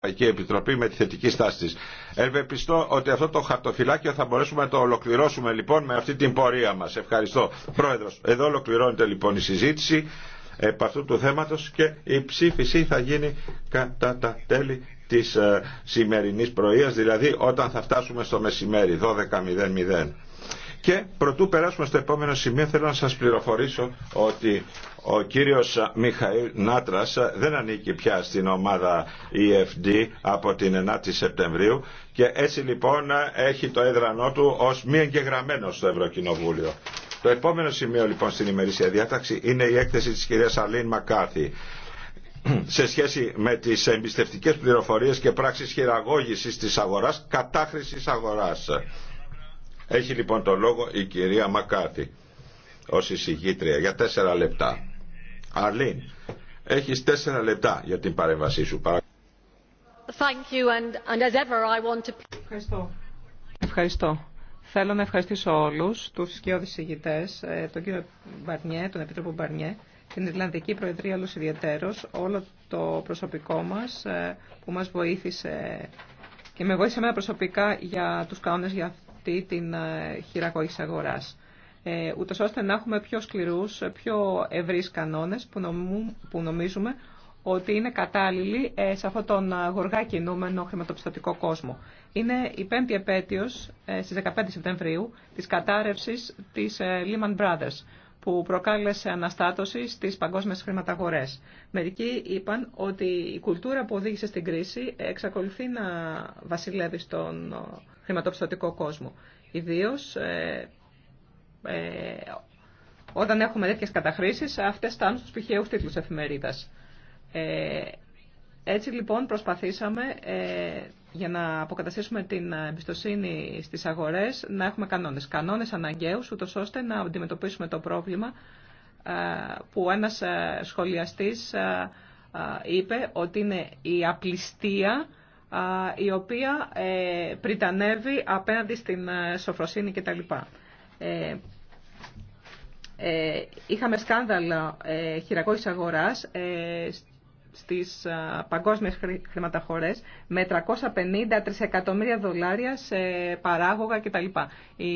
Ευρωπαϊκή Επιτροπή με τη θετική στάση της. Ευεπιστώ ότι αυτό το χαρτοφυλάκιο θα μπορέσουμε να το ολοκληρώσουμε λοιπόν με αυτή την πορεία μας. Ευχαριστώ. Πρόεδρος, εδώ ολοκληρώνεται λοιπόν η συζήτηση επ' αυτού του θέματος και η ψήφιση θα γίνει κατά τα τέλη της ε, σημερινής πρωίας, δηλαδή όταν θα φτάσουμε στο μεσημέρι, 12.00. Και προτού περάσουμε στο επόμενο σημείο θέλω να σας πληροφορήσω ότι ο κύριος Μιχαήλ Νάτρας δεν ανήκει πια στην ομάδα EFD από την 9η Σεπτεμβρίου και έτσι λοιπόν έχει το έδρανό του ως μη εγγεγραμμένο στο Ευρωκοινοβούλιο. Το επόμενο σημείο λοιπόν στην ημερήσια διάταξη είναι η έκθεση της κυρίας Αλήν Μακάθη σε σχέση με τις εμπιστευτικές πληροφορίες και πράξεις χειραγώγησης της αγοράς, κατάχρησης αγοράς. Έχει λοιπόν το λόγο η κυρία Μακάρτη ως εισηγήτρια για τέσσερα λεπτά. Αρλίν, έχεις τέσσερα λεπτά για την παρέμβασή σου. Ευχαριστώ. Θέλω να ευχαριστήσω όλους τους σκιώδη ε, τον κύριο Μπαρνιέ, τον Επίτροπο Μπαρνιέ, την Ιρλανδική Προεδρία όλους ιδιαίτερος, όλο το προσωπικό μας ε, που μας βοήθησε και με βοήθησε εμένα προσωπικά για τους κανόνες για αυτή την ε, χειραγώγηση αγοράς, ε, Ούτω ώστε να έχουμε πιο σκληρούς, πιο ευρύς κανόνες που νομίζουμε ότι είναι κατάλληλοι ε, σε αυτόν τον γοργά κινούμενο χρηματοπιστωτικό κόσμο. Είναι η πέμπτη επέτειος στις 15 Σεπτεμβρίου της κατάρρευσης της Lehman Brothers που προκάλεσε αναστάτωση στις παγκόσμιες χρηματαγορές. Μερικοί είπαν ότι η κουλτούρα που οδήγησε στην κρίση εξακολουθεί να βασιλεύει στον ε, χρηματοπιστωτικό κόσμο. Ιδίως ε, ε, όταν έχουμε τέτοιες καταχρήσεις, αυτές φτάνουν στους πηχαίους τίτλους εφημερίδας. Ε, έτσι λοιπόν προσπαθήσαμε ε, για να αποκαταστήσουμε την εμπιστοσύνη στις αγορές να έχουμε κανόνες. Κανόνες αναγκαίους ούτως ώστε να αντιμετωπίσουμε το πρόβλημα ε, που ένας ε, σχολιαστής είπε ότι είναι η απληστία η οποία πριτανεύει απέναντι στην σοφροσύνη κτλ. Είχαμε σκάνδαλα χειραγώγης αγοράς στις παγκόσμιες χρηματαχωρές με 350 τρισεκατομμύρια δολάρια σε παράγωγα κτλ. Οι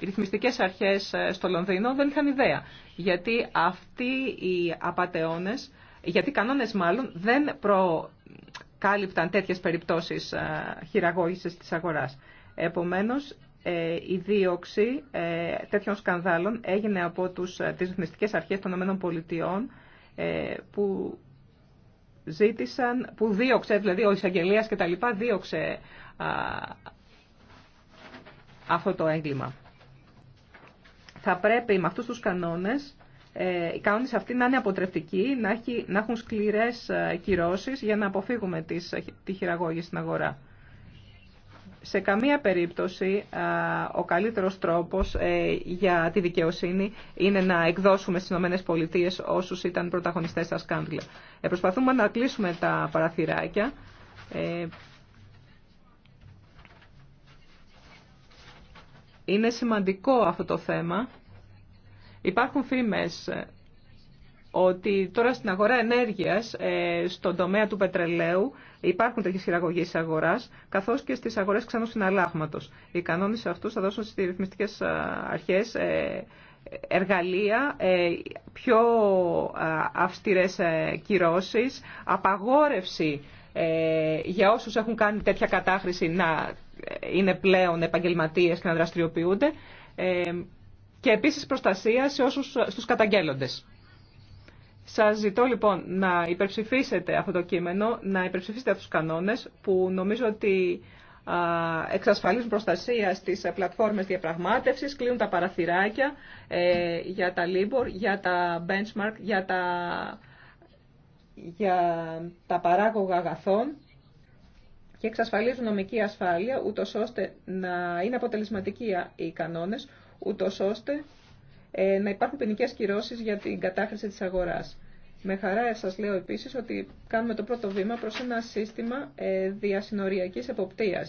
ρυθμιστικές αρχές ε, στο Λονδίνο δεν είχαν ιδέα, γιατί αυτοί οι απαταιώνες, γιατί οι κανόνες μάλλον δεν προκάλυπταν τέτοιες περιπτώσεις ε, χειραγώγησης της αγοράς. Επομένως, ε, η δίωξη τέτοιων σκανδάλων έγινε από τους, τις ρυθμιστικές αρχές των ΗΠΑ που ζήτησαν, που δίωξε, δηλαδή ο εισαγγελία και τα λοιπά, δίωξε αυτό το έγκλημα. Θα πρέπει με αυτούς τους κανόνες, ε, οι κανόνες αυτοί να είναι αποτρεπτικοί, να, έχει, να έχουν σκληρές ε, κυρώσεις για να αποφύγουμε τις, ε, τη χειραγώγηση στην αγορά. Σε καμία περίπτωση ο καλύτερος τρόπος ε, για τη δικαιοσύνη είναι να εκδώσουμε στις ΗΠΑ όσους ήταν πρωταγωνιστές στα Ε, Προσπαθούμε να κλείσουμε τα παραθυράκια ε, Είναι σημαντικό αυτό το θέμα. Υπάρχουν φήμες ότι τώρα στην αγορά ενέργειας, ε, στον τομέα του πετρελαίου, υπάρχουν τέτοιε χειραγωγές αγορά, καθώ και στι αγορέ ξανού συναλλάγματο. Οι κανόνε αυτού θα δώσουν στις ρυθμιστικές αρχές ε, εργαλεία, ε, πιο αυστηρές κυρώσει, απαγόρευση για όσου έχουν κάνει τέτοια κατάχρηση να είναι πλέον επαγγελματίε και να δραστηριοποιούνται και επίσης προστασία σε όσους, στους καταγγέλλοντες. Σας ζητώ λοιπόν να υπερψηφίσετε αυτό το κείμενο, να υπερψηφίσετε αυτούς τους κανόνες που νομίζω ότι εξασφαλίζουν προστασία στις ε, πλατφόρμες διαπραγμάτευσης, κλείνουν τα παραθυράκια ε, για τα LIBOR, για τα benchmark, για τα, για τα παράγωγα αγαθών και εξασφαλίζουν νομική ασφάλεια, ούτως ώστε να είναι αποτελεσματικοί οι κανόνες, ούτως ώστε ε, να υπάρχουν ποινικέ κυρώσει για την κατάχρηση τη αγορά. Με χαρά σα λέω επίση ότι κάνουμε το πρώτο βήμα προ ένα σύστημα ε, διασυνοριακή εποπτεία.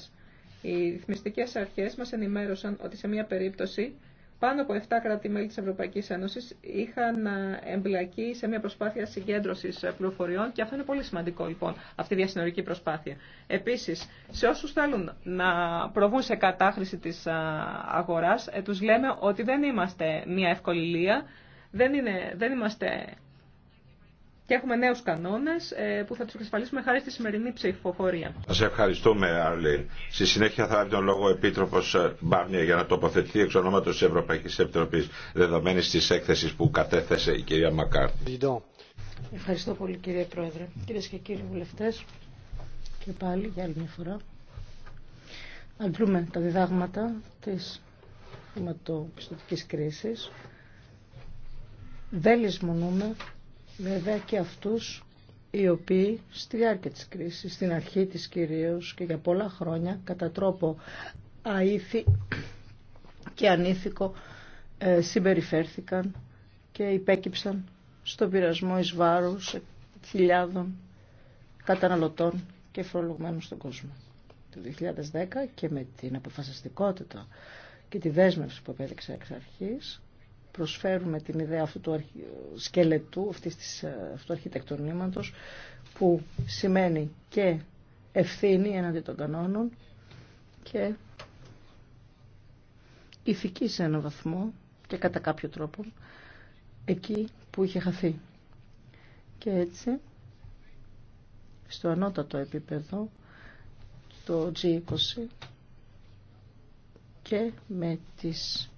Οι ρυθμιστικέ αρχέ μα ενημέρωσαν ότι σε μια περίπτωση πάνω από 7 κράτη-μέλη της Ευρωπαϊκής Ένωσης είχαν ε, εμπλακεί σε μια προσπάθεια συγκέντρωσης ε, πληροφοριών και αυτό είναι πολύ σημαντικό λοιπόν, αυτή η διασυνορική προσπάθεια. Επίσης, σε όσους θέλουν να προβούν σε κατάχρηση της ε, αγοράς, τους λέμε ότι δεν είμαστε μια ευκολία, δεν, είναι, δεν είμαστε και έχουμε νέους κανόνες ε, που θα τους εξασφαλίσουμε χάρη στη σημερινή ψηφοφορία. Σας ευχαριστούμε, Άρλιν. Στη συνέχεια θα λάβει τον λόγο ο Επίτροπος ε, Μπάρνια για να τοποθετηθεί εξ ονόματος της Ευρωπαϊκής Επιτροπής δεδομένης της έκθεσης που κατέθεσε η κυρία Μακάρτη. Ευχαριστώ πολύ κύριε Πρόεδρε. Κυρίε και κύριοι βουλευτές, και πάλι για άλλη μια φορά, βρούμε τα διδάγματα της χρηματοπιστωτικής κρίσης, δεν λησμονούμε βέβαια και αυτούς οι οποίοι στη διάρκεια της κρίσης, στην αρχή της κυρίως και για πολλά χρόνια κατά τρόπο αήθη και ανήθικο ε, συμπεριφέρθηκαν και υπέκυψαν στον πειρασμό εις βάρους χιλιάδων καταναλωτών και φορολογμένων στον κόσμο. Το 2010 και με την αποφασιστικότητα και τη δέσμευση που επέδειξε εξ αρχής προσφέρουμε την ιδέα αυτού του σκελετού, αυτής της, ε, αυτού του αρχιτεκτονήματος, που σημαίνει και ευθύνη έναντι των κανόνων και ηθική σε έναν βαθμό και κατά κάποιο τρόπο εκεί που είχε χαθεί. Και έτσι, στο ανώτατο επίπεδο, το G20 και με τις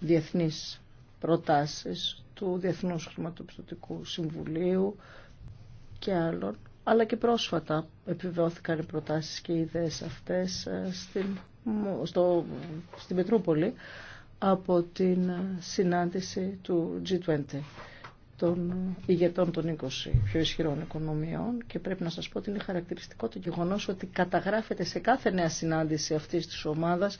διεθνείς προτάσεις του Διεθνούς Χρηματοπιστωτικού Συμβουλίου και άλλων, αλλά και πρόσφατα επιβεβαιώθηκαν οι προτάσεις και οι ιδέες αυτές ε, στην, στο, στην Πετρούπολη από την συνάντηση του G20 των ηγετών των 20 πιο ισχυρών οικονομιών και πρέπει να σας πω ότι είναι χαρακτηριστικό το γεγονός ότι καταγράφεται σε κάθε νέα συνάντηση αυτής της ομάδας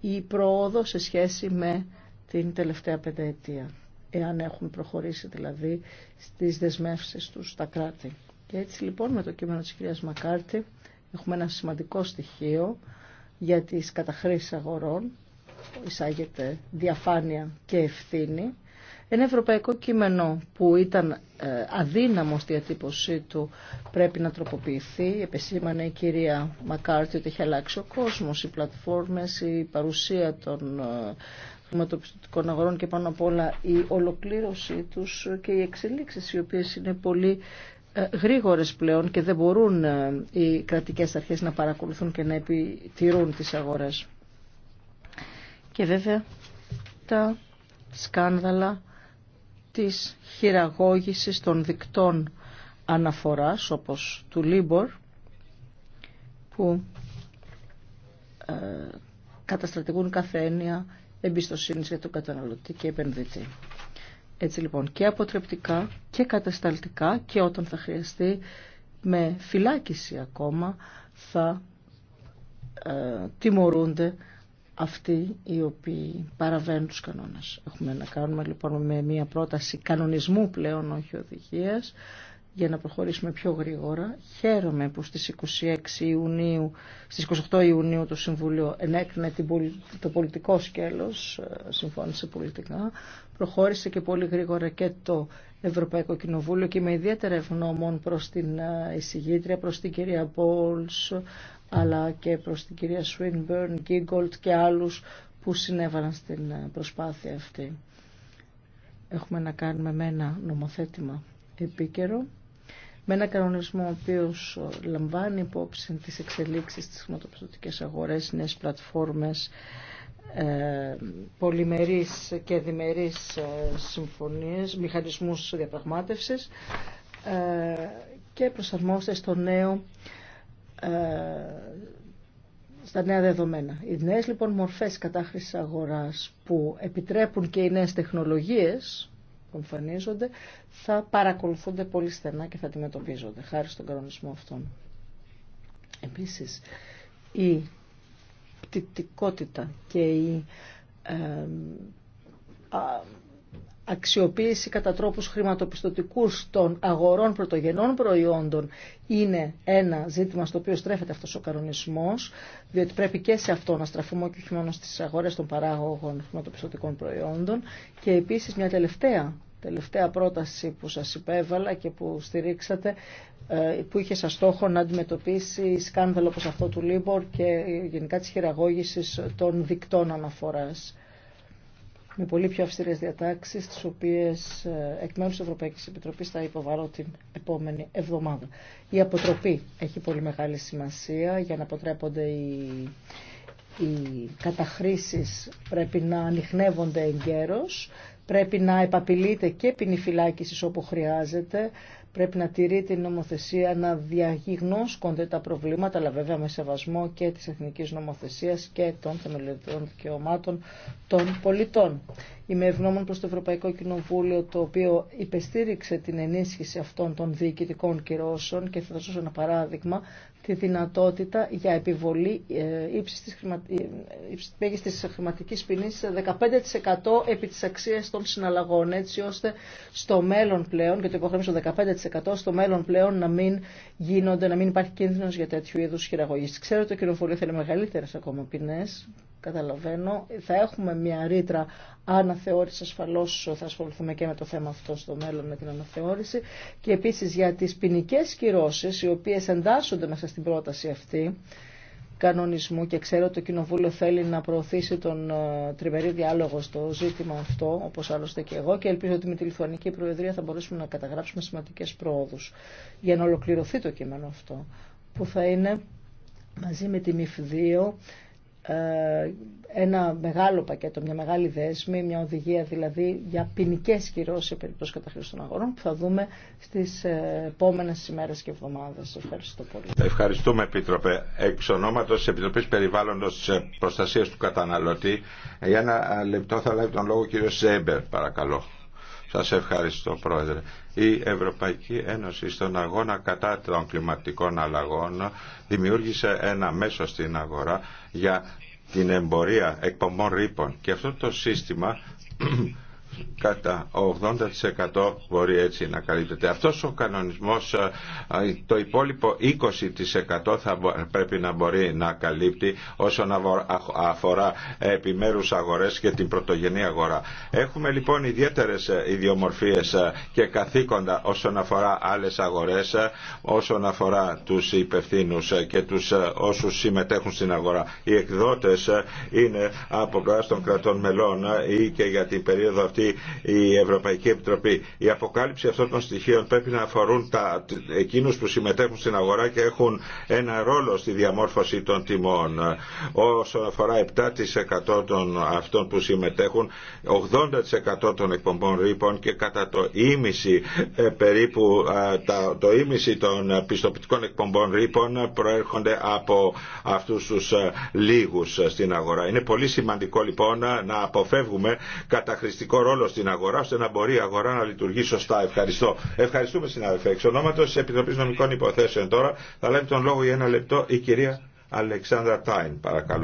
η προόδο σε σχέση με την τελευταία πενταετία, εάν έχουν προχωρήσει δηλαδή στις δεσμεύσεις τους στα κράτη. Και έτσι λοιπόν με το κείμενο της κυρίας Μακάρτη έχουμε ένα σημαντικό στοιχείο για τις καταχρήσεις αγορών, εισάγεται διαφάνεια και ευθύνη. Ένα ευρωπαϊκό κείμενο που ήταν ε, αδύναμο στη διατύπωσή του πρέπει να τροποποιηθεί. Επεσήμανε η κυρία Μακάρτη ότι έχει αλλάξει ο κόσμος, οι πλατφόρμες, η παρουσία των ε, χρηματοπιστωτικών αγορών και πάνω απ' όλα η ολοκλήρωσή τους και οι εξελίξεις οι οποίες είναι πολύ ε, γρήγορες πλέον και δεν μπορούν ε, οι κρατικές αρχές να παρακολουθούν και να επιτηρούν τις αγορές. Και βέβαια τα σκάνδαλα της χειραγώγησης των δικτών αναφοράς όπως του Λίμπορ που ε, καταστρατηγούν κάθε εμπιστοσύνης για τον καταναλωτή και επενδυτή. Έτσι λοιπόν και αποτρεπτικά και κατασταλτικά και όταν θα χρειαστεί με φυλάκιση ακόμα θα ε, τιμωρούνται αυτοί οι οποίοι παραβαίνουν τους κανόνες. Έχουμε να κάνουμε λοιπόν με μια πρόταση κανονισμού πλέον όχι οδηγίας για να προχωρήσουμε πιο γρήγορα. Χαίρομαι που στις 26 Ιουνίου, στις 28 Ιουνίου το Συμβουλίο ενέκρινε το πολιτικό σκέλος, ε, συμφώνησε πολιτικά. Προχώρησε και πολύ γρήγορα και το Ευρωπαϊκό Κοινοβούλιο και με ιδιαίτερα ευγνώμων προς την ε, εισηγήτρια, προς την κυρία Πόλς, αλλά και προς την κυρία Σουίνμπερν, Γκίγκολτ και άλλους που συνέβαλαν στην ε, προσπάθεια αυτή. Έχουμε να κάνουμε με ένα νομοθέτημα επίκαιρο με ένα κανονισμό ο οποίο λαμβάνει υπόψη τι εξελίξεις στις χρηματοπιστωτικέ αγορέ, νέες πλατφόρμες, ε, πολυμερείς και διμερείς ε, συμφωνίες, μηχανισμούς διαπραγμάτευσης ε, και προσαρμόζεται στο νέο, ε, στα νέα δεδομένα. Οι νέες λοιπόν μορφές κατάχρησης αγοράς που επιτρέπουν και οι νέες τεχνολογίες εμφανίζονται θα παρακολουθούνται πολύ στενά και θα αντιμετωπίζονται χάρη στον κανονισμό αυτόν. Επίσης, η πτυτικότητα και η ε, αξιοποίηση κατά τρόπους χρηματοπιστωτικούς των αγορών πρωτογενών προϊόντων είναι ένα ζήτημα στο οποίο στρέφεται αυτός ο κανονισμός, διότι πρέπει και σε αυτό να στραφούμε και όχι μόνο στις αγορές των παράγωγων χρηματοπιστωτικών προϊόντων. Και επίσης μια τελευταία, τελευταία πρόταση που σας υπέβαλα και που στηρίξατε, ε, που είχε σαν στόχο να αντιμετωπίσει σκάνδαλο όπως αυτό του Λίμπορ και γενικά της χειραγώγησης των δικτών αναφοράς με πολύ πιο αυστηρές διατάξεις, τις οποίες ε, εκ μέρους της Ευρωπαϊκής Επιτροπής θα υποβαρώ την επόμενη εβδομάδα. Η αποτροπή έχει πολύ μεγάλη σημασία για να αποτρέπονται οι, οι καταχρήσεις, πρέπει να ανοιχνεύονται εγκαίρως, πρέπει να επαπειλείται και ποινή όπου χρειάζεται, πρέπει να τηρεί την νομοθεσία, να διαγιγνώσκονται τα προβλήματα, αλλά βέβαια με σεβασμό και της εθνικής νομοθεσίας και των θεμελιωδών δικαιωμάτων των πολιτών. Είμαι ευγνώμων προς το Ευρωπαϊκό Κοινοβούλιο, το οποίο υπεστήριξε την ενίσχυση αυτών των διοικητικών κυρώσεων και θα δώσω ένα παράδειγμα τη δυνατότητα για επιβολή ε, ύψης της, ε, της χρηματικής ποινής 15% επί της αξίας των συναλλαγών, έτσι ώστε στο μέλλον πλέον, και το υποχρέμισε το 15%, στο μέλλον πλέον να μην γίνονται, να μην υπάρχει κίνδυνος για τέτοιου είδους χειραγωγής. Ξέρω ότι το κοινοβούλιο θέλει μεγαλύτερες ακόμα ποινές, Καταλαβαίνω. Θα έχουμε μια ρήτρα αναθεώρηση. Ασφαλώ θα ασχοληθούμε και με το θέμα αυτό στο μέλλον με την αναθεώρηση. Και επίση για τι ποινικέ κυρώσει, οι οποίε εντάσσονται μέσα στην πρόταση αυτή κανονισμού και ξέρω ότι το Κοινοβούλιο θέλει να προωθήσει τον ε, τριμερή διάλογο στο ζήτημα αυτό, όπω άλλωστε και εγώ, και ελπίζω ότι με τη Λιθουανική Προεδρία θα μπορέσουμε να καταγράψουμε σημαντικέ προόδου για να ολοκληρωθεί το κείμενο αυτό, που θα είναι μαζί με τη μυφ ε, ένα μεγάλο πακέτο, μια μεγάλη δέσμη, μια οδηγία δηλαδή για ποινικέ κυρώσει σε περίπτωση καταχρήση των αγορών που θα δούμε στι ε, επόμενε ημέρε και εβδομάδε. Ευχαριστώ πολύ. Ευχαριστούμε, Επίτροπε. Εξ ονόματο τη Επιτροπή Περιβάλλοντο ε, Προστασία του Καταναλωτή, για ένα λεπτό θα λάβει τον λόγο ο κ. Ζέμπερ, παρακαλώ. Σας ευχαριστώ Πρόεδρε. Η Ευρωπαϊκή Ένωση στον αγώνα κατά των κλιματικών αλλαγών δημιούργησε ένα μέσο στην αγορά για την εμπορία εκπομπών ρήπων. Και αυτό το σύστημα κατά 80% μπορεί έτσι να καλύπτεται. Αυτός ο κανονισμός ε, ε, το υπόλοιπο 20% θα πρέπει να μπορεί να καλύπτει όσον αφορά επιμέρους αγορές και την πρωτογενή αγορά. Έχουμε λοιπόν ιδιαίτερες ε, ιδιομορφίες και καθήκοντα όσον αφορά άλλες αγορές, όσον αφορά τους υπευθύνους και τους όσους συμμετέχουν στην αγορά. Οι εκδότες είναι από πλευρά των κρατών μελών ή και για την περίοδο αυτή η Ευρωπαϊκή Επιτροπή. Η αποκάλυψη αυτών των στοιχείων πρέπει να αφορούν τα, εκείνους που συμμετέχουν στην αγορά και έχουν ένα ρόλο στη διαμόρφωση των τιμών. Όσον αφορά 7% των αυτών που συμμετέχουν, 80% των εκπομπών ρήπων και κατά το ίμιση ε, περίπου το ίμιση των πιστοποιητικών εκπομπών ρήπων προέρχονται από αυτούς τους ε, λίγους ε, στην αγορά. Είναι πολύ σημαντικό λοιπόν να αποφεύγουμε καταχρηστικό ρόλο ρόλο στην αγορά ώστε να μπορεί η αγορά να λειτουργεί σωστά. Ευχαριστώ. Ευχαριστούμε συνάδελφε. Εξ ονόματο τη Επιτροπή Νομικών Υποθέσεων τώρα θα λάβει τον λόγο για ένα λεπτό η κυρία Αλεξάνδρα Τάιν. Παρακαλώ.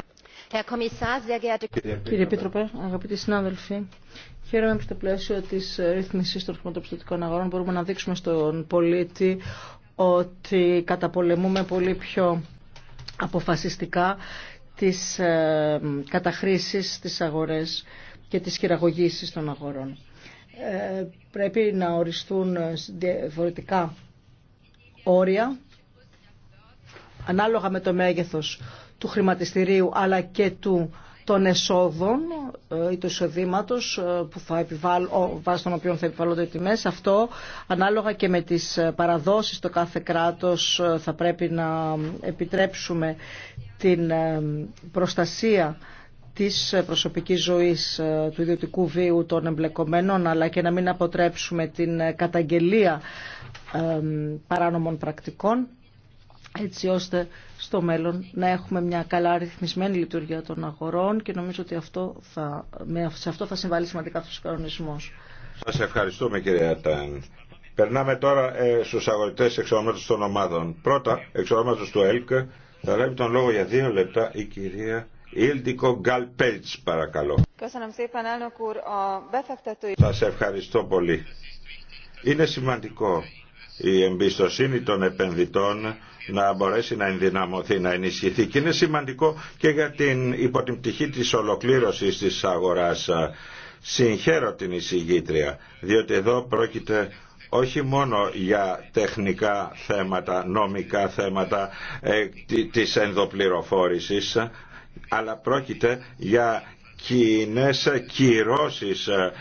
Κύριε Επίτροπε, αγαπητοί συνάδελφοι, Χαίρομαι που στο πλαίσιο τη Ρύθμιση των χρηματοπιστωτικών αγορών μπορούμε να δείξουμε στον πολίτη ότι καταπολεμούμε πολύ πιο αποφασιστικά τις ε, καταχρήσεις στις αγορές και τις χειραγωγήσεις των αγορών. Ε, πρέπει να οριστούν διαφορετικά όρια ανάλογα με το μέγεθος του χρηματιστηρίου αλλά και του των εσόδων ε, ή του εισοδήματο ε, που θα βάσει των οποίων θα επιβάλλονται οι τιμές. Αυτό ανάλογα και με τις παραδόσεις το κάθε κράτος θα πρέπει να επιτρέψουμε την προστασία της προσωπικής ζωής ε, του ιδιωτικού βίου των εμπλεκομένων αλλά και να μην αποτρέψουμε την ε, καταγγελία παράνομων πρακτικών έτσι ώστε στο μέλλον να έχουμε μια καλά ρυθμισμένη λειτουργία των αγορών και νομίζω ότι αυτό θα, σε αυτό θα συμβάλλει σημαντικά αυτός ο κανονισμός. Σας ευχαριστούμε κυρία Ατάν. Περνάμε τώρα ε, στους αγορητές των ομάδων. Πρώτα, εξωρώματος του ΕΛΚ, θα λάβει τον λόγο για δύο λεπτά η κυρία Γκαλπέλτς παρακαλώ. Σας ευχαριστώ πολύ. Είναι σημαντικό η εμπιστοσύνη των επενδυτών να μπορέσει να ενδυναμωθεί, να ενισχυθεί. Και είναι σημαντικό και για την, υπό της ολοκλήρωσης της αγοράς. Συγχαίρω την εισηγήτρια, διότι εδώ πρόκειται όχι μόνο για τεχνικά θέματα, νομικά θέματα ε, της ενδοπληροφόρησης, αλλά πρόκειται για κοινέ κυρώσει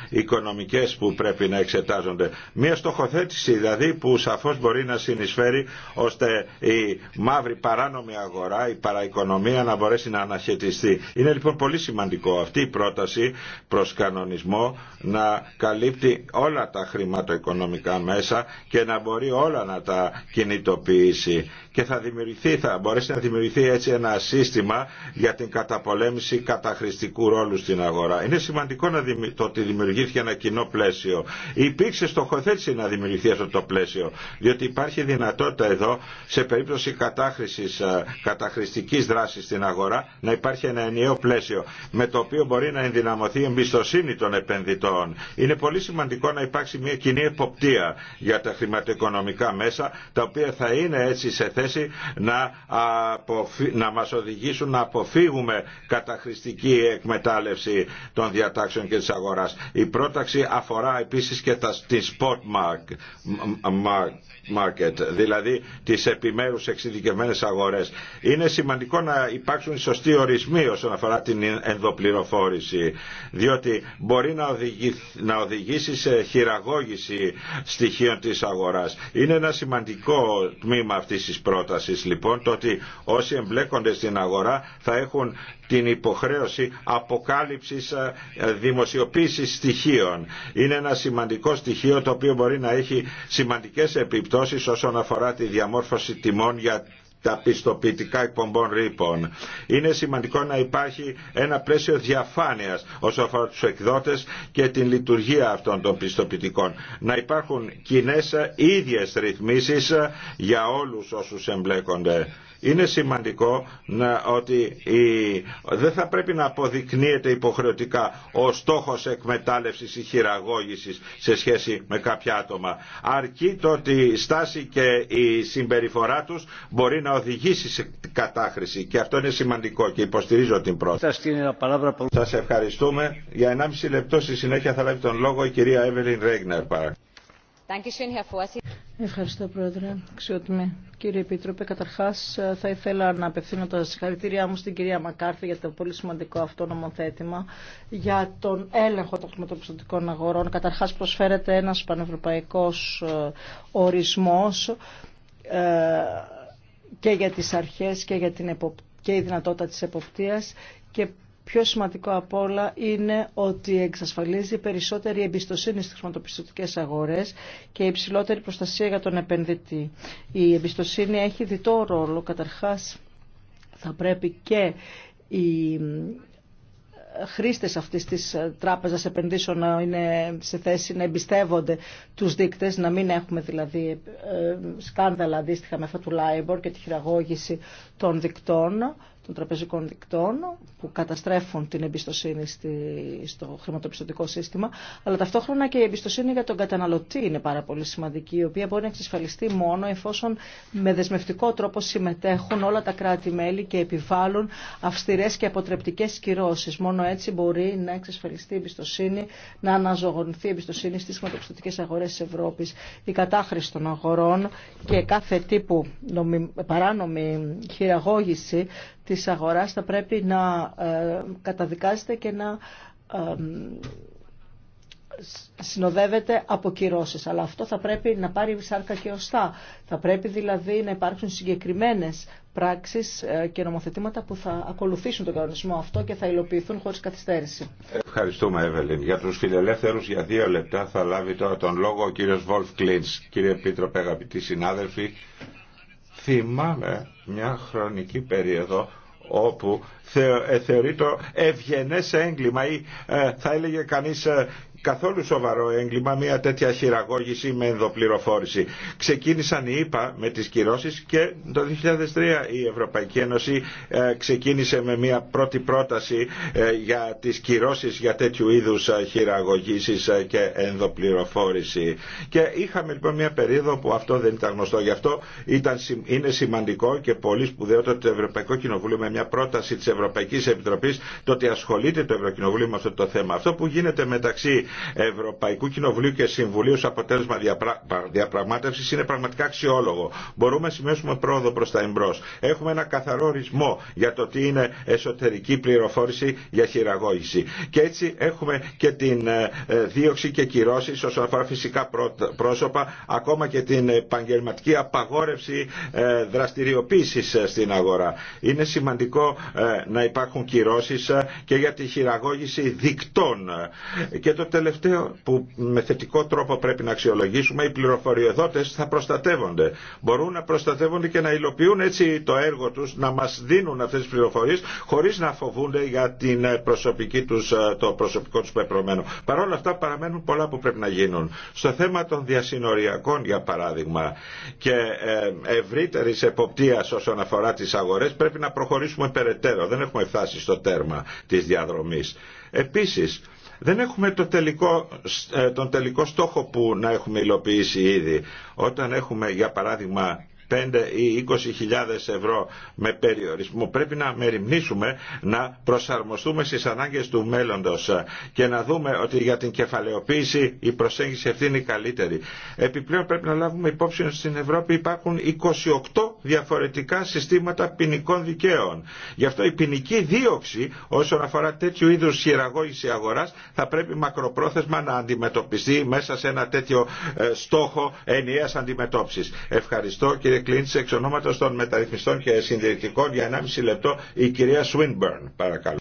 οικονομικές που πρέπει να εξετάζονται. Μία στοχοθέτηση δηλαδή που σαφώς μπορεί να συνεισφέρει ώστε η μαύρη παράνομη αγορά, η παραοικονομία να μπορέσει να αναχαιτιστεί. Είναι λοιπόν πολύ σημαντικό αυτή η πρόταση προς κανονισμό να καλύπτει όλα τα χρηματοοικονομικά μέσα και να μπορεί όλα να τα κινητοποιήσει και θα, δημιουργηθεί, θα μπορέσει να δημιουργηθεί έτσι ένα σύστημα για την καταπολέμηση καταχρηστικού ρόλου στην αγορά. Είναι σημαντικό να δημι... το ότι δημιουργήθηκε ένα κοινό πλαίσιο. Υπήρξε στοχοθέτηση να δημιουργηθεί αυτό το πλαίσιο, διότι υπάρχει δυνατότητα εδώ σε περίπτωση κατάχρησης, ε, καταχρηστικής δράσης στην αγορά να υπάρχει ένα ενιαίο πλαίσιο με το οποίο μπορεί να ενδυναμωθεί η εμπιστοσύνη των επενδυτών. Είναι πολύ σημαντικό να υπάρξει μια κοινή εποπτεία για τα χρηματοοικονομικά μέσα τα οποία θα είναι έτσι σε θέση να, αποφυ... να μας οδηγήσουν να αποφύγουμε καταχρηστική εκμετάλλευση εκμετάλλευση των διατάξεων και της αγοράς. Η πρόταξη αφορά επίσης και τα, spot market, δηλαδή τις επιμέρους εξειδικευμένες αγορές. Είναι σημαντικό να υπάρξουν σωστοί ορισμοί όσον αφορά την ενδοπληροφόρηση, διότι μπορεί να, να οδηγήσει σε χειραγώγηση στοιχείων της αγοράς. Είναι ένα σημαντικό τμήμα αυτής της πρότασης λοιπόν το ότι όσοι εμπλέκονται στην αγορά θα έχουν την υποχρέωση αποκάλυψης ε, δημοσιοποίησης στοιχείων. Είναι ένα σημαντικό στοιχείο το οποίο μπορεί να έχει σημαντικές επιπτώσεις όσον αφορά τη διαμόρφωση τιμών για τα πιστοποιητικά εκπομπών ρήπων. Είναι σημαντικό να υπάρχει ένα πλαίσιο διαφάνειας όσον αφορά τους εκδότες και την λειτουργία αυτών των πιστοποιητικών. Να υπάρχουν κοινέ ε, ίδιες ρυθμίσεις ε, για όλους όσους εμπλέκονται είναι σημαντικό να, ότι δεν θα πρέπει να αποδεικνύεται υποχρεωτικά ο στόχος εκμετάλλευσης ή χειραγώγησης σε σχέση με κάποια άτομα. Αρκεί το ότι η στάση και η συμπεριφορά τους μπορεί να οδηγήσει σε κατάχρηση και αυτό είναι σημαντικό και υποστηρίζω την πρόταση. Σας ευχαριστούμε. Για 1,5 λεπτό στη συνέχεια θα λάβει τον λόγο η κυρία Εύελιν Ρέγνερ Ευχαριστώ, Πρόεδρε. Αξιότιμη κύριε Επίτροπε, καταρχά ε, θα ήθελα να απευθύνω τα συγχαρητήριά μου στην κυρία Μακάρθη για το πολύ σημαντικό αυτό νομοθέτημα για τον έλεγχο των χρηματοπιστωτικών αγορών. Καταρχά, προσφέρεται ένα πανευρωπαϊκό ε, ορισμό ε, και για τις αρχές και για την και η δυνατότητα της εποπτείας και πιο σημαντικό από όλα είναι ότι εξασφαλίζει περισσότερη εμπιστοσύνη στις χρηματοπιστωτικές αγορές και υψηλότερη προστασία για τον επενδυτή. Η εμπιστοσύνη έχει διτό ρόλο. Καταρχάς θα πρέπει και οι χρήστες αυτής της τράπεζας επενδύσεων να είναι σε θέση να εμπιστεύονται τους δείκτες, να μην έχουμε δηλαδή ε, σκάνδαλα αντίστοιχα με αυτά του Λάιμπορ και τη χειραγώγηση των δικτών των τραπεζικών δικτών που καταστρέφουν την εμπιστοσύνη στο χρηματοπιστωτικό σύστημα, αλλά ταυτόχρονα και η εμπιστοσύνη για τον καταναλωτή είναι πάρα πολύ σημαντική, η οποία μπορεί να εξασφαλιστεί μόνο εφόσον με δεσμευτικό τρόπο συμμετέχουν όλα τα κράτη-μέλη και επιβάλλουν αυστηρέ και αποτρεπτικέ κυρώσει. Μόνο έτσι μπορεί να εξασφαλιστεί η εμπιστοσύνη, να αναζωογονηθεί η εμπιστοσύνη στι χρηματοπιστωτικέ αγορέ τη Ευρώπη. Η κατάχρηση των αγορών και κάθε τύπου παράνομη χειραγώγηση της αγοράς θα πρέπει να ε, καταδικάζεται και να ε, συνοδεύεται από κυρώσεις. Αλλά αυτό θα πρέπει να πάρει σάρκα και οστά. Θα πρέπει δηλαδή να υπάρξουν συγκεκριμένες πράξεις ε, και νομοθετήματα που θα ακολουθήσουν τον κανονισμό αυτό και θα υλοποιηθούν χωρίς καθυστέρηση. Ευχαριστούμε Εύελιν. Για τους φιλελεύθερους για δύο λεπτά θα λάβει τώρα τον λόγο ο κύριος Βολφ Κλίντς. Κύριε πίτρο, αγαπητοί συνάδελφοι, θυμάμαι μια χρονική περίοδο όπου ε, θεωρεί το ευγενές έγκλημα ή ε, θα έλεγε κανείς ε, καθόλου σοβαρό έγκλημα μια τέτοια χειραγώγηση με ενδοπληροφόρηση. Ξεκίνησαν οι ΗΠΑ με τις κυρώσεις και το 2003 η Ευρωπαϊκή Ένωση ε, ξεκίνησε με μια πρώτη πρόταση ε, για τις κυρώσεις για τέτοιου είδους ε, χειραγωγήσεις και ενδοπληροφόρηση. Και είχαμε λοιπόν μια περίοδο που αυτό δεν ήταν γνωστό. Γι' αυτό ήταν, είναι σημαντικό και πολύ σπουδαίο το Ευρωπαϊκό Κοινοβούλιο με μια πρόταση της Ευρωπαϊκής Επιτροπής το ότι ασχολείται το Ευρωκοινοβούλιο με αυτό το θέμα. Αυτό που γίνεται μεταξύ Ευρωπαϊκού Κοινοβουλίου και Συμβουλίου ως αποτέλεσμα διαπρα... διαπραγμάτευσης είναι πραγματικά αξιόλογο. Μπορούμε να σημειώσουμε πρόοδο προς τα εμπρός. Έχουμε ένα καθαρό ορισμό για το τι είναι εσωτερική πληροφόρηση για χειραγώγηση. Και έτσι έχουμε και την ε, ε, δίωξη και κυρώσεις όσον αφορά φυσικά πρόσωπα, ακόμα και την επαγγελματική απαγόρευση ε, δραστηριοποίησης στην αγορά. Είναι σημαντικό να υπάρχουν κυρώσει και για τη χειραγώγηση δικτών. Και το τελευταίο που με θετικό τρόπο πρέπει να αξιολογήσουμε, οι πληροφοριοδότες θα προστατεύονται. Μπορούν να προστατεύονται και να υλοποιούν έτσι το έργο τους, να μας δίνουν αυτές τις πληροφορίες χωρίς να φοβούνται για την προσωπική τους, ε, το προσωπικό τους πεπρωμένο. Παρ' όλα αυτά παραμένουν πολλά που πρέπει να γίνουν. Στο θέμα των διασυνοριακών για παράδειγμα και ε, ευρύτερη εποπτείας όσον αφορά τις αγορές πρέπει να προχωρήσουμε περαιτέρω. Δεν έχουμε φτάσει στο τέρμα της διαδρομής. Επίσης, δεν έχουμε το τελικό, ε, τον τελικό στόχο που να έχουμε υλοποιήσει ήδη. Όταν έχουμε για παράδειγμα 5 ή 20.000 ευρώ με περιορισμό. Πρέπει να μεριμνήσουμε να προσαρμοστούμε στις ανάγκες του μέλλοντος και να δούμε ότι για την κεφαλαιοποίηση η προσέγγιση αυτή είναι η καλύτερη. Επιπλέον πρέπει να λάβουμε υπόψη ότι στην Ευρώπη υπάρχουν 28 διαφορετικά συστήματα ποινικών δικαίων. Γι' αυτό η ποινική δίωξη όσον αφορά τέτοιου είδους χειραγώγηση αγοράς θα πρέπει μακροπρόθεσμα να αντιμετωπιστεί μέσα σε ένα τέτοιο ε, στόχο ενιαία αντιμετώπισης. Ευχαριστώ κύριε κύριε εξ ονόματος των μεταρρυθμιστών και συντηρητικών για 1,5 λεπτό η κυρία Σουίνμπερν, παρακαλώ.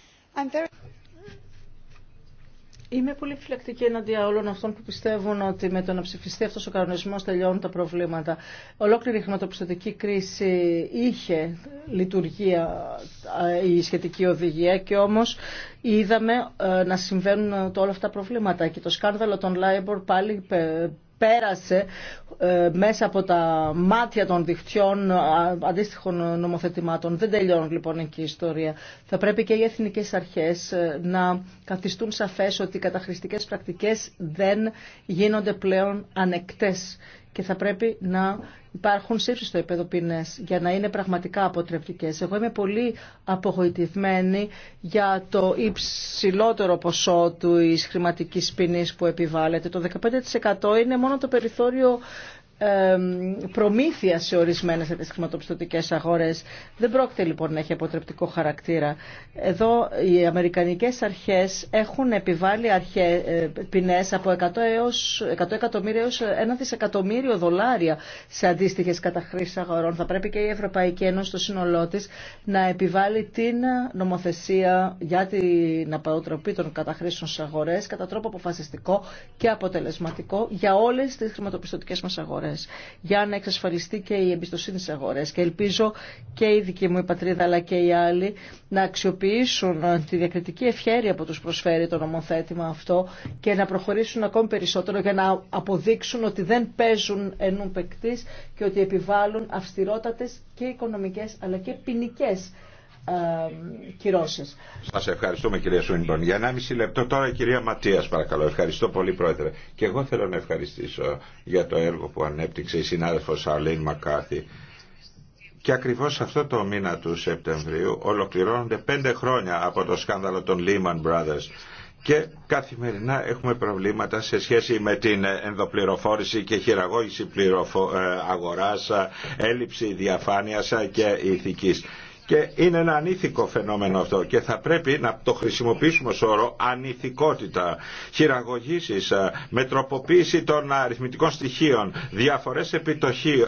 Είμαι πολύ φυλακτική εναντία όλων αυτών που πιστεύουν ότι με το να ψηφιστεί αυτός ο κανονισμός τελειώνουν τα προβλήματα. Ολόκληρη η χρηματοπιστωτική κρίση είχε λειτουργία η σχετική οδηγία και όμως είδαμε ε, να συμβαίνουν όλα αυτά τα προβλήματα. Και το σκάνδαλο των Λάιμπορ πάλι πέρασε ε, μέσα από τα μάτια των δικτυών αντίστοιχων νομοθετημάτων. Δεν τελειώνει λοιπόν εκεί η ιστορία. Θα πρέπει και οι εθνικές αρχές ε, να καθιστούν σαφές ότι οι καταχρηστικές πρακτικές δεν γίνονται πλέον ανεκτές και θα πρέπει να υπάρχουν σύψεις στο επίπεδο ποινές για να είναι πραγματικά αποτρεπτικές. Εγώ είμαι πολύ απογοητευμένη για το υψηλότερο ποσό του χρηματικής ποινή που επιβάλλεται. Το 15% είναι μόνο το περιθώριο προμήθεια σε ορισμένε από τι χρηματοπιστωτικέ αγορέ. Δεν πρόκειται λοιπόν να έχει αποτρεπτικό χαρακτήρα. Εδώ οι Αμερικανικέ αρχέ έχουν επιβάλει ε, ποινές από 100, έως, 100 εκατομμύρια έω 1 δισεκατομμύριο δολάρια σε αντίστοιχε καταχρήσει αγορών. Θα πρέπει και η Ευρωπαϊκή Ένωση στο σύνολό τη να επιβάλει την νομοθεσία για την απαροτροπή των καταχρήσεων σε αγορές κατά τρόπο αποφασιστικό και αποτελεσματικό για όλε τι χρηματοπιστωτικέ μα αγορέ για να εξασφαλιστεί και η εμπιστοσύνη στι αγορέ. Και ελπίζω και η δική μου η πατρίδα αλλά και οι άλλοι να αξιοποιήσουν ε, τη διακριτική ευχαίρεια που τους προσφέρει το νομοθέτημα αυτό και να προχωρήσουν ακόμη περισσότερο για να αποδείξουν ότι δεν παίζουν ενού παικτής και ότι επιβάλλουν αυστηρότατες και οικονομικέ, αλλά και ποινικέ κυρώσεις. Σας ευχαριστούμε κυρία Σούνιμπον. Για ένα μισή λεπτό τώρα η κυρία Ματίας παρακαλώ. Ευχαριστώ πολύ πρόεδρε. Και εγώ θέλω να ευχαριστήσω για το έργο που ανέπτυξε η συνάδελφο Αλέιν Μακάθη. Και ακριβώ αυτό το μήνα του Σεπτεμβρίου ολοκληρώνονται πέντε χρόνια από το σκάνδαλο των Lehman Brothers και καθημερινά έχουμε προβλήματα σε σχέση με την ενδοπληροφόρηση και χειραγώγηση πληροφο... Ε, αγοράς, ε, έλλειψη διαφάνειας ε, και ηθικής. Και είναι ένα ανήθικο φαινόμενο αυτό και θα πρέπει να το χρησιμοποιήσουμε ως όρο ανηθικότητα, χειραγωγήσεις, ε, μετροποποίηση των αριθμητικών στοιχείων, διαφορές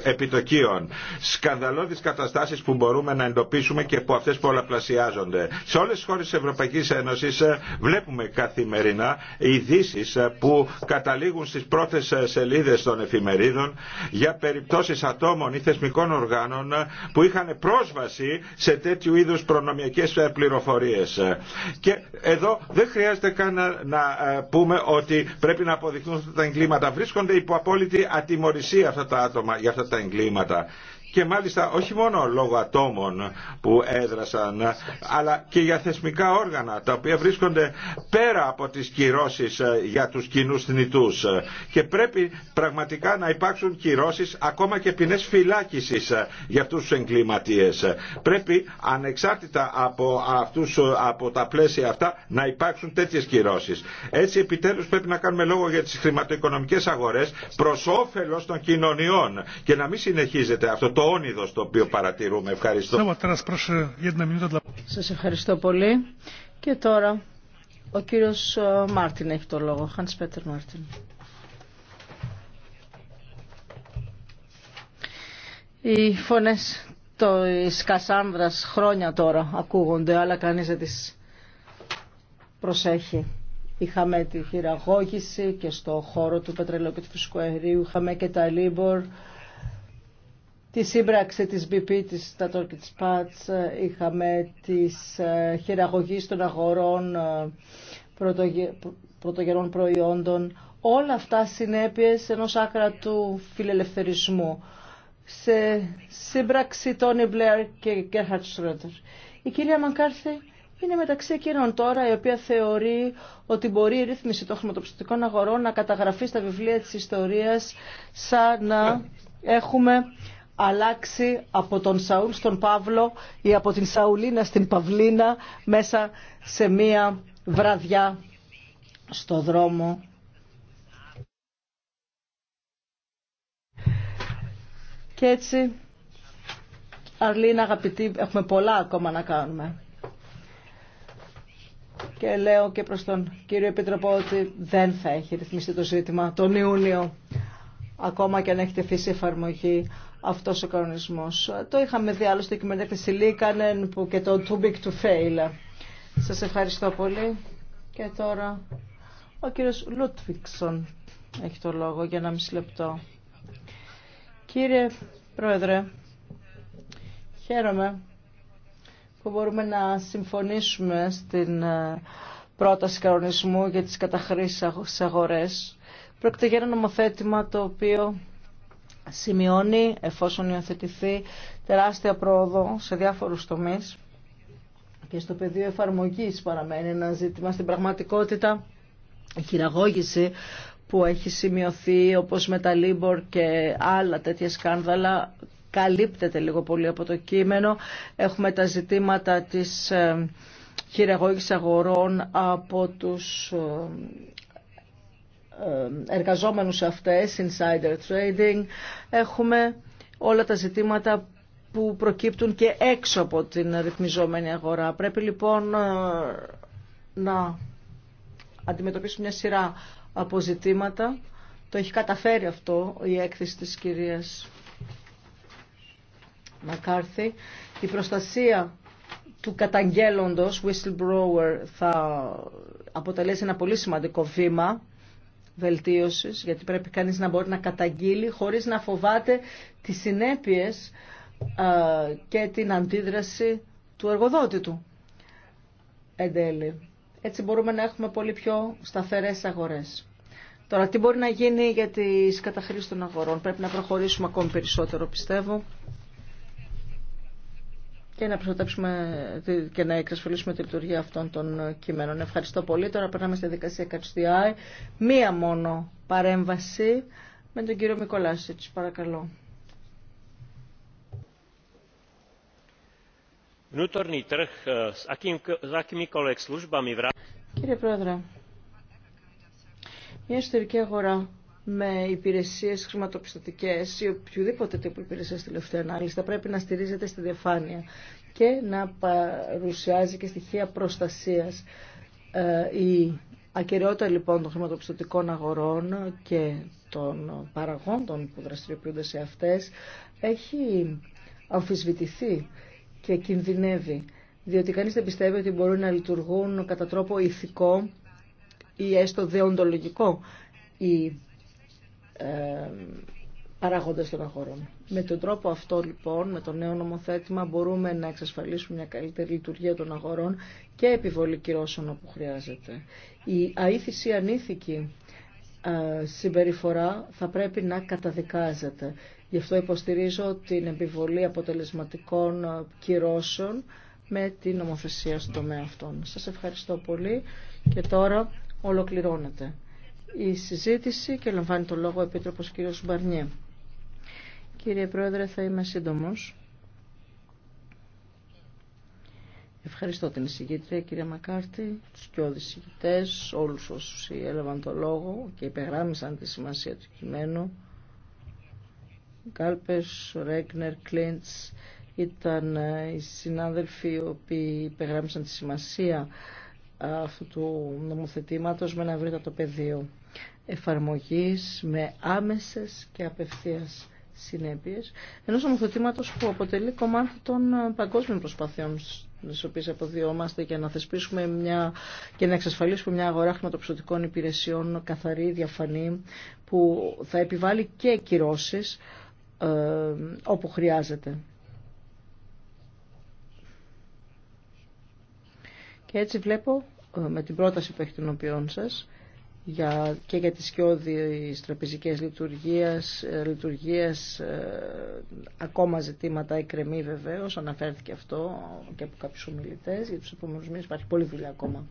επιτοκίων, σκανδαλώδεις καταστάσεις που μπορούμε να εντοπίσουμε και που αυτές πολλαπλασιάζονται. Σε όλες τις χώρες της Ευρωπαϊκής Ένωσης ε, βλέπουμε καθημερινά ειδήσει ε, που καταλήγουν στις πρώτες σελίδες των εφημερίδων για περιπτώσεις ατόμων ή θεσμικών οργάνων που είχαν πρόσβαση σε τέτοιου είδους προνομιακές ε, πληροφορίες. Και εδώ δεν χρειάζεται καν να, να ε, πούμε ότι πρέπει να αποδειχθούν αυτά τα εγκλήματα. Βρίσκονται υπό απόλυτη ατιμορρησία αυτά τα άτομα για αυτά τα εγκλήματα και μάλιστα όχι μόνο λόγω ατόμων που έδρασαν αλλά και για θεσμικά όργανα τα οποία βρίσκονται πέρα από τις κυρώσεις ε, για τους κοινούς θνητούς και πρέπει πραγματικά να υπάρξουν κυρώσεις ακόμα και ποινές φυλάκισης ε, για αυτούς τους εγκληματίες. Πρέπει ανεξάρτητα από, αυτούς, ε, από τα πλαίσια αυτά να υπάρξουν τέτοιες κυρώσεις. Έτσι επιτέλους πρέπει να κάνουμε λόγο για τις χρηματοοικονομικές αγορές προς όφελος των κοινωνιών και να μην συνεχίζεται αυτό το όνειρο το οποίο παρατηρούμε. Ευχαριστώ. Σας ευχαριστώ πολύ. Και τώρα ο κύριο ε, Μάρτιν έχει το λόγο. Hans Πέτερ Μάρτιν. Οι φωνέ τη Κασάνδρα χρόνια τώρα ακούγονται, αλλά κανεί δεν τι προσέχει. Είχαμε τη χειραγώγηση και στο χώρο του πετρελαίου και του φυσικού αερίου, είχαμε και τα Λίμπορ, τη σύμπραξη της BP, της Στατόρ και της ε, είχαμε τις ε, χειραγωγής των αγορών ε, πρωτογερών προϊόντων, όλα αυτά συνέπειες ενός άκρα του φιλελευθερισμού σε σύμπραξη Τόνι Μπλερ και Γκέρχαρτ Σρότερ. Η κυρία Μακάρθη είναι μεταξύ εκείνων τώρα η οποία θεωρεί ότι μπορεί η ρύθμιση των χρηματοπιστωτικών αγορών να καταγραφεί στα βιβλία της ιστορίας σαν να έχουμε αλλάξει από τον Σαούλ στον Παύλο ή από την Σαουλίνα στην Παυλίνα μέσα σε μία βραδιά στο δρόμο. Και έτσι, Αρλίνα αγαπητή, έχουμε πολλά ακόμα να κάνουμε. Και λέω και προς τον κύριο Επίτροπο ότι δεν θα έχει ρυθμιστεί το ζήτημα τον Ιούνιο, ακόμα και αν έχετε φύσει εφαρμογή αυτός ο κανονισμός. Το είχαμε δει άλλωστε και με την που και το too big to fail. Σας ευχαριστώ πολύ. Και τώρα ο κύριος Λούτβιξον έχει το λόγο για ένα μισή λεπτό. Κύριε Πρόεδρε, χαίρομαι που μπορούμε να συμφωνήσουμε στην ε, πρόταση κανονισμού για τις καταχρήσεις στις αγορές. Πρόκειται για ένα νομοθέτημα το οποίο σημειώνει, εφόσον υιοθετηθεί, τεράστια πρόοδο σε διάφορους τομείς και στο πεδίο εφαρμογής παραμένει ένα ζήτημα στην πραγματικότητα η χειραγώγηση που έχει σημειωθεί όπως με τα Λίμπορ και άλλα τέτοια σκάνδαλα καλύπτεται λίγο πολύ από το κείμενο. Έχουμε τα ζητήματα της ε, χειραγώγησης αγορών από τους ε, ε, εργαζόμενους σε αυτές, insider trading, έχουμε όλα τα ζητήματα που προκύπτουν και έξω από την ρυθμιζόμενη αγορά. Πρέπει λοιπόν ε, να αντιμετωπίσουμε μια σειρά από ζητήματα. Το έχει καταφέρει αυτό η έκθεση της κυρίας Μακάρθη. Η προστασία του καταγγέλλοντος, whistleblower, θα αποτελέσει ένα πολύ σημαντικό βήμα βελτίωσης, γιατί πρέπει κανείς να μπορεί να καταγγείλει χωρίς να φοβάται τις συνέπειες και την αντίδραση του εργοδότη του. Εν Έτσι μπορούμε να έχουμε πολύ πιο σταθερές αγορές. Τώρα, τι μπορεί να γίνει για τις καταχρήσεις των αγορών. Πρέπει να προχωρήσουμε ακόμη περισσότερο, πιστεύω και να εξασφαλίσουμε τη λειτουργία αυτών των κειμένων. Ευχαριστώ πολύ. Τώρα περνάμε στη δικασία Κατστιάη. Μία μόνο παρέμβαση με τον κύριο Μικολάσιτς. Παρακαλώ. Eh, Κύριε Πρόεδρε, μια εσωτερική αγορά με υπηρεσίε χρηματοπιστωτικέ ή οποιοδήποτε τύπου υπηρεσία τελευταία ανάλυση θα πρέπει να στηρίζεται στη διαφάνεια και να παρουσιάζει και στοιχεία προστασία. Ε, η ακαιρεότητα λοιπόν των χρηματοπιστωτικών αγορών και των παραγόντων που δραστηριοποιούνται σε αυτές έχει αμφισβητηθεί και κινδυνεύει διότι κανείς δεν πιστεύει ότι μπορούν να λειτουργούν κατά τρόπο ηθικό ή έστω δεοντολογικό οι ε, παράγοντες των αγορών. Με τον τρόπο αυτό λοιπόν, με το νέο νομοθέτημα, μπορούμε να εξασφαλίσουμε μια καλύτερη λειτουργία των αγορών και επιβολή κυρώσεων όπου χρειάζεται. Η αήθηση ανήθικη ε, συμπεριφορά θα πρέπει να καταδικάζεται. Γι' αυτό υποστηρίζω την επιβολή αποτελεσματικών ε, κυρώσεων με την νομοθεσία στο τομέα αυτών. Σας ευχαριστώ πολύ και τώρα ολοκληρώνεται η συζήτηση και λαμβάνει το λόγο ο Επίτροπος κ. Μπαρνιέ. Κύριε Πρόεδρε, θα είμαι σύντομος. Ευχαριστώ την εισηγήτρια κυρία Μακάρτη, τους και οδησηγητές, όλους όσους έλαβαν το λόγο και υπεγράμμισαν τη σημασία του κειμένου. Γκάλπες, Ρέγνερ, Κλίντς ήταν ε, οι συνάδελφοι οι οποίοι υπεγράμμισαν τη σημασία ε, αυτού του νομοθετήματος με ένα ευρύτατο πεδίο εφαρμογής με άμεσες και απευθείας συνέπειες ενός νομοθετήματος που αποτελεί κομμάτι των ε, παγκόσμιων προσπαθειών στις οποίες αποδιόμαστε για να θεσπίσουμε μια και να εξασφαλίσουμε μια αγορά χρηματοπιστωτικών υπηρεσιών καθαρή, διαφανή που θα επιβάλλει και κυρώσεις ε, όπου χρειάζεται. Και έτσι βλέπω ε, με την πρόταση που έχει την οποία σας για, και για τις σκιώδεις τραπεζικές λειτουργίες, ε, λειτουργίες ε, ακόμα ζητήματα εκκρεμή βεβαίω αναφέρθηκε αυτό και από κάποιους ομιλητές, για τους επόμενους μήνες υπάρχει πολύ δουλειά ακόμα.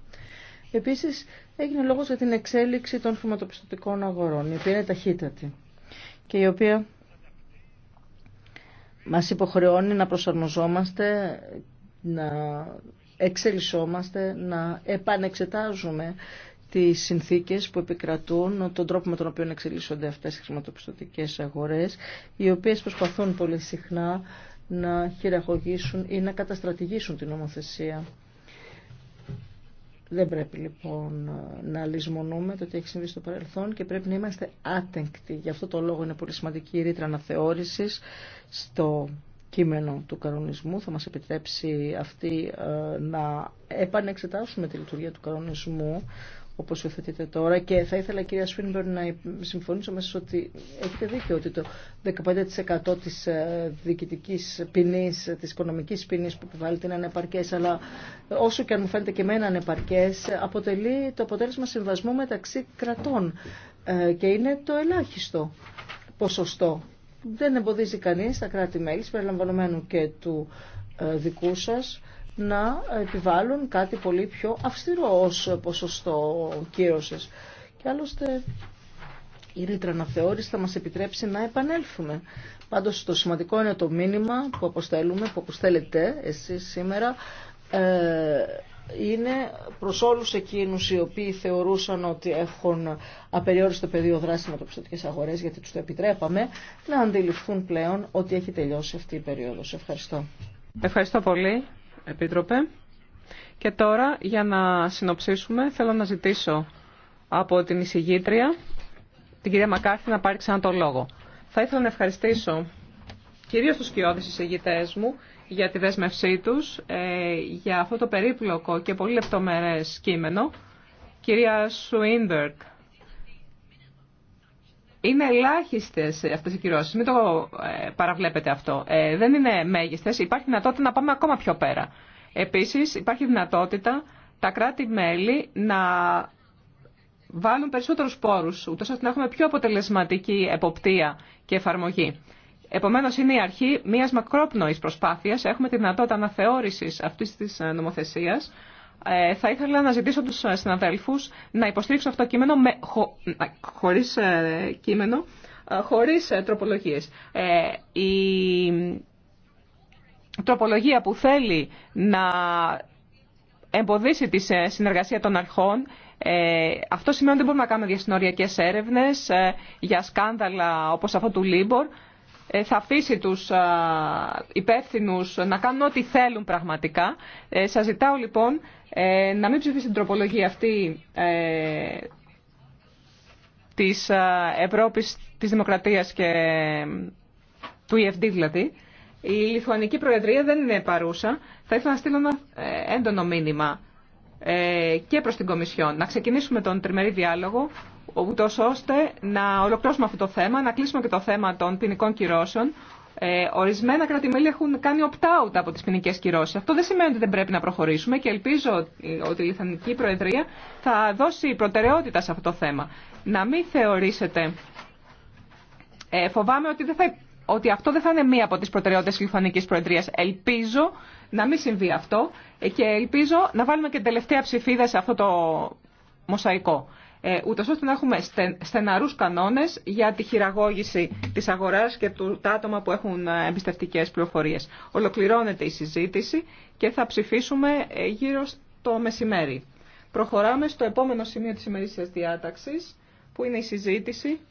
Επίσης έγινε λόγος για την εξέλιξη των χρηματοπιστωτικών αγορών, η οποία είναι ταχύτατη και η οποία μας υποχρεώνει να προσαρμοζόμαστε, να εξελισσόμαστε, να επανεξετάζουμε τις συνθήκες που επικρατούν, τον τρόπο με τον οποίο εξελίσσονται αυτές οι χρηματοπιστωτικές αγορές, οι οποίες προσπαθούν πολύ συχνά να χειραγωγήσουν ή να καταστρατηγήσουν την νομοθεσία. Δεν πρέπει λοιπόν να λησμονούμε το τι έχει συμβεί στο παρελθόν και πρέπει να είμαστε άτεγκτοι. Γι' αυτό το λόγο είναι πολύ σημαντική η ρήτρα αναθεώρηση στο κείμενο του κανονισμού. Θα μας επιτρέψει αυτή ε, να επανεξετάσουμε τη λειτουργία του κανονισμού όπω υιοθετείται τώρα. Και θα ήθελα, κυρία Σφίνμπερ, να συμφωνήσω μέσα ότι έχετε δίκιο ότι το 15% τη ε, διοικητική ποινή, τη οικονομική ποινή που επιβάλλεται είναι ανεπαρκέ. Αλλά όσο και αν μου φαίνεται και εμένα ανεπαρκέ, αποτελεί το αποτέλεσμα συμβασμού μεταξύ κρατών. Ε, και είναι το ελάχιστο ποσοστό. Δεν εμποδίζει κανεί τα κράτη-μέλη, περιλαμβανομένου και του ε, δικού σα να επιβάλλουν κάτι πολύ πιο αυστηρό ως ποσοστό κύρωσης. Και άλλωστε η ρήτρα αναθεώρηση θα μας επιτρέψει να επανέλθουμε. Πάντως το σημαντικό είναι το μήνυμα που αποστέλουμε, που αποστέλλετε εσείς σήμερα, ε, είναι προς όλους εκείνους οι οποίοι θεωρούσαν ότι έχουν απεριόριστο πεδίο δράση με αγορές, γιατί τους το επιτρέπαμε, να αντιληφθούν πλέον ότι έχει τελειώσει αυτή η περίοδος. Ευχαριστώ. Ευχαριστώ πολύ. Επίτροπε. Και τώρα, για να συνοψίσουμε, θέλω να ζητήσω από την εισηγήτρια, την κυρία Μακάρθη, να πάρει ξανά τον λόγο. Θα ήθελα να ευχαριστήσω κυρίως τους κοιόδες εισηγητές μου για τη δέσμευσή τους, ε, για αυτό το περίπλοκο και πολύ λεπτομερές κείμενο. Κυρία Σουίνμπερκ, είναι ελάχιστε αυτέ οι κυρώσει. Μην το ε, παραβλέπετε αυτό. Ε, δεν είναι μέγιστε. Υπάρχει δυνατότητα να πάμε ακόμα πιο πέρα. Επίση, υπάρχει δυνατότητα τα κράτη-μέλη να βάλουν περισσότερου πόρου, ούτω ώστε να έχουμε πιο αποτελεσματική εποπτεία και εφαρμογή. Επομένω, είναι η αρχή μια μακρόπνοη προσπάθεια. Έχουμε τη δυνατότητα αναθεώρηση αυτή τη νομοθεσία ε, θα ήθελα να ζητήσω τους ε, συναδέλφους να υποστήριξουν αυτό το κείμενο με, χωρίς ε, κείμενο, χωρίς ε, τροπολογίες. η τροπολογία που θέλει να εμποδίσει τη συνεργασία των αρχών, αυτό σημαίνει ότι δεν μπορούμε να κάνουμε διασυνοριακές έρευνες για σκάνδαλα όπως αυτό του Λίμπορ, θα αφήσει τους υπεύθυνους να κάνουν ό,τι θέλουν πραγματικά. Σας ζητάω λοιπόν ε, να μην ψηφίσει την τροπολογία αυτή ε, της ε, Ευρώπης, της Δημοκρατίας και του EFD δηλαδή. Η Λιθουανική Προεδρία δεν είναι παρούσα. Θα ήθελα να στείλω ένα ε, έντονο μήνυμα και προς την Κομισιόν. Να ξεκινήσουμε τον τριμερή διάλογο, ούτως ώστε να ολοκληρώσουμε αυτό το θέμα, να κλείσουμε και το θέμα των ποινικών κυρώσεων, ε, ορισμένα κρατημέλη έχουν κάνει opt-out από τι ποινικέ κυρώσει. Αυτό δεν σημαίνει ότι δεν πρέπει να προχωρήσουμε και ελπίζω ότι η Λιθανική Προεδρία θα δώσει προτεραιότητα σε αυτό το θέμα. Να μην θεωρήσετε. Ε, φοβάμαι ότι, θα, ότι αυτό δεν θα είναι μία από τι προτεραιότητε της Λιθανική Προεδρίας. Ελπίζω να μην συμβεί αυτό και ελπίζω να βάλουμε και τελευταία ψηφίδα σε αυτό το μοσαϊκό. Ε, ούτως ώστε να έχουμε στεναρούς κανόνες για τη χειραγώγηση της αγοράς και του, τα άτομα που έχουν ε, εμπιστευτικές πληροφορίες. Ολοκληρώνεται η συζήτηση και θα ψηφίσουμε ε, γύρω στο μεσημέρι. Προχωράμε στο επόμενο σημείο της ημερήσιας διάταξης, που είναι η συζήτηση